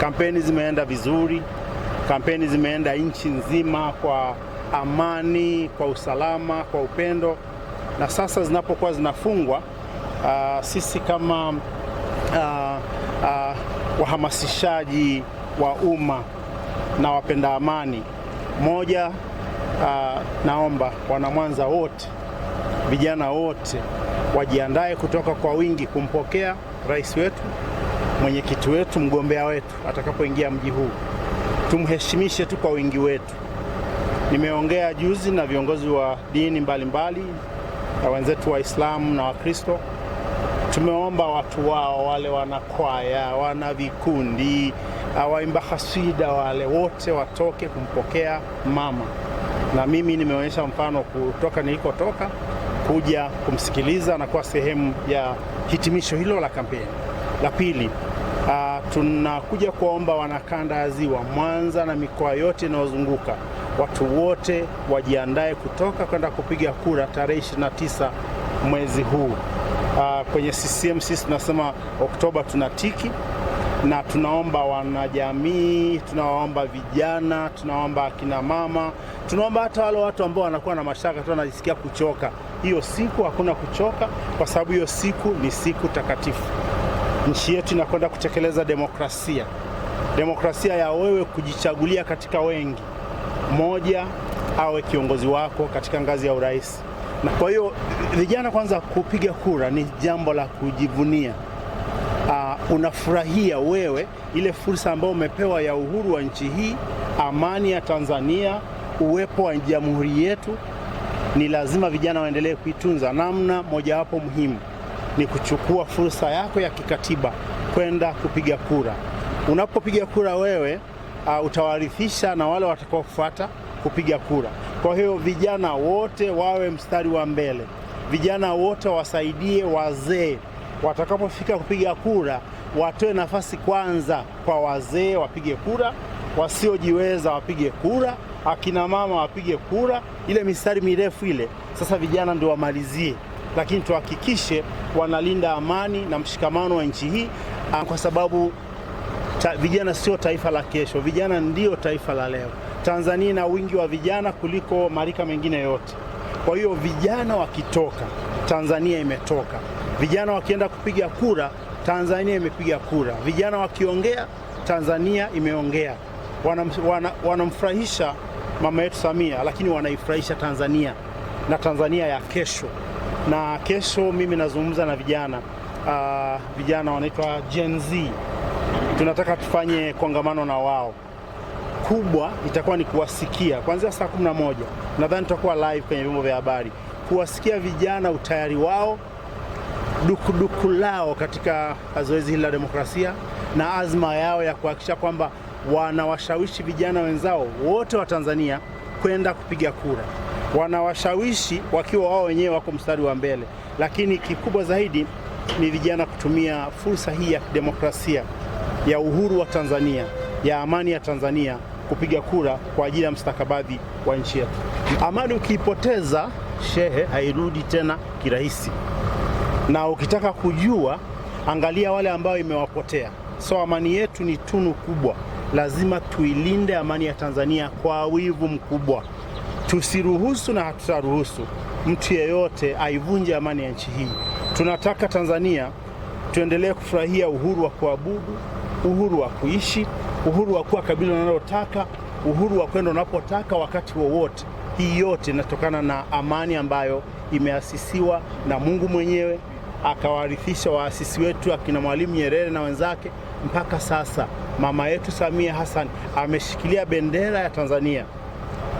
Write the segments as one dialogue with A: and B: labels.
A: Kampeni zimeenda vizuri, kampeni zimeenda nchi nzima kwa amani, kwa usalama, kwa upendo, na sasa zinapokuwa zinafungwa, uh, sisi kama uh, uh, wahamasishaji wa umma na wapenda amani, moja, uh, naomba wanamwanza wote, vijana wote wajiandae kutoka kwa wingi kumpokea rais wetu mwenyekiti wetu, mgombea wetu atakapoingia mji huu, tumheshimishe tu kwa wingi wetu. Nimeongea juzi na viongozi wa dini mbalimbali na wenzetu Waislamu na Wakristo, tumeomba watu wao wale wanakwaya, wana vikundi, waimba hasida, wale wote watoke kumpokea mama, na mimi nimeonyesha mfano kutoka nilikotoka kuja kumsikiliza na kuwa sehemu ya hitimisho hilo la kampeni. La pili Uh, tunakuja kuwaomba wanakandazi wa Mwanza na mikoa yote inayozunguka watu wote wajiandae kutoka kwenda kupiga kura tarehe 29 mwezi huu. Uh, kwenye CCM sisi tunasema Oktoba tunatiki, na tunaomba wanajamii, tunawaomba vijana, tunaomba akina mama, tunaomba hata wale watu ambao wanakuwa na mashaka tu wanajisikia kuchoka. Hiyo siku hakuna kuchoka, kwa sababu hiyo siku ni siku takatifu nchi yetu inakwenda kutekeleza demokrasia, demokrasia ya wewe kujichagulia katika wengi, moja awe kiongozi wako katika ngazi ya urais. Na kwa hiyo vijana, kwanza kupiga kura ni jambo la kujivunia. Uh, unafurahia wewe ile fursa ambayo umepewa ya uhuru wa nchi hii, amani ya Tanzania, uwepo wa jamhuri yetu. Ni lazima vijana waendelee kuitunza, namna mojawapo muhimu ni kuchukua fursa yako ya kikatiba kwenda kupiga kura. Unapopiga kura wewe uh, utawarithisha na wale watakaofuata kupiga kura. Kwa hiyo vijana wote wawe mstari wa mbele, vijana wote wasaidie wazee watakapofika kupiga kura watoe nafasi kwanza kwa wazee wapige kura, wasiojiweza wapige kura, akina mama wapige kura. Ile mistari mirefu ile sasa vijana ndio wamalizie lakini tuhakikishe wanalinda amani na mshikamano wa nchi hii, ah, kwa sababu ta, vijana sio taifa la kesho, vijana ndio taifa la leo. Tanzania ina wingi wa vijana kuliko marika mengine yote. Kwa hiyo vijana wakitoka, Tanzania imetoka. Vijana wakienda kupiga kura, Tanzania imepiga kura. Vijana wakiongea, Tanzania imeongea. Wanam, wana, wanamfurahisha mama yetu Samia, lakini wanaifurahisha Tanzania na Tanzania ya kesho na kesho mimi nazungumza na vijana uh, vijana wanaitwa Gen Z. Tunataka tufanye kongamano na wao kubwa itakuwa ni kuwasikia kuanzia saa moja nadhani tutakuwa live kwenye vyombo vya habari, kuwasikia vijana utayari wao, dukuduku lao katika zoezi hili la demokrasia na azma yao ya kuhakikisha kwamba wanawashawishi vijana wenzao wote wa Tanzania kwenda kupiga kura wanawashawishi wakiwa wao wenyewe wako mstari wa mbele, lakini kikubwa zaidi ni vijana kutumia fursa hii ya kidemokrasia ya uhuru wa Tanzania ya amani ya Tanzania kupiga kura kwa ajili ya mstakabadhi wa nchi yetu. Amani ukiipoteza, shehe, hairudi tena kirahisi, na ukitaka kujua, angalia wale ambao imewapotea. So amani yetu ni tunu kubwa, lazima tuilinde amani ya Tanzania kwa wivu mkubwa. Tusiruhusu na hatutaruhusu mtu yeyote aivunje amani ya nchi hii. Tunataka Tanzania tuendelee kufurahia uhuru wa kuabudu, uhuru wa kuishi, uhuru wa kuwa kabila unalotaka, uhuru wa kwenda unapotaka wakati wowote. Hii yote inatokana na amani ambayo imeasisiwa na Mungu mwenyewe akawarithisha waasisi wetu akina Mwalimu Nyerere na wenzake mpaka sasa. Mama yetu Samia Hassan ameshikilia bendera ya Tanzania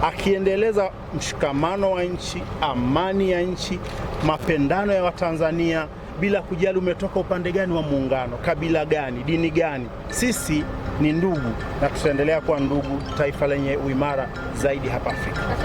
A: akiendeleza mshikamano wa nchi, amani ya nchi, mapendano ya Watanzania bila kujali umetoka upande gani wa muungano, kabila gani, dini gani. Sisi ni ndugu na tutaendelea kuwa ndugu, taifa lenye uimara zaidi hapa Afrika.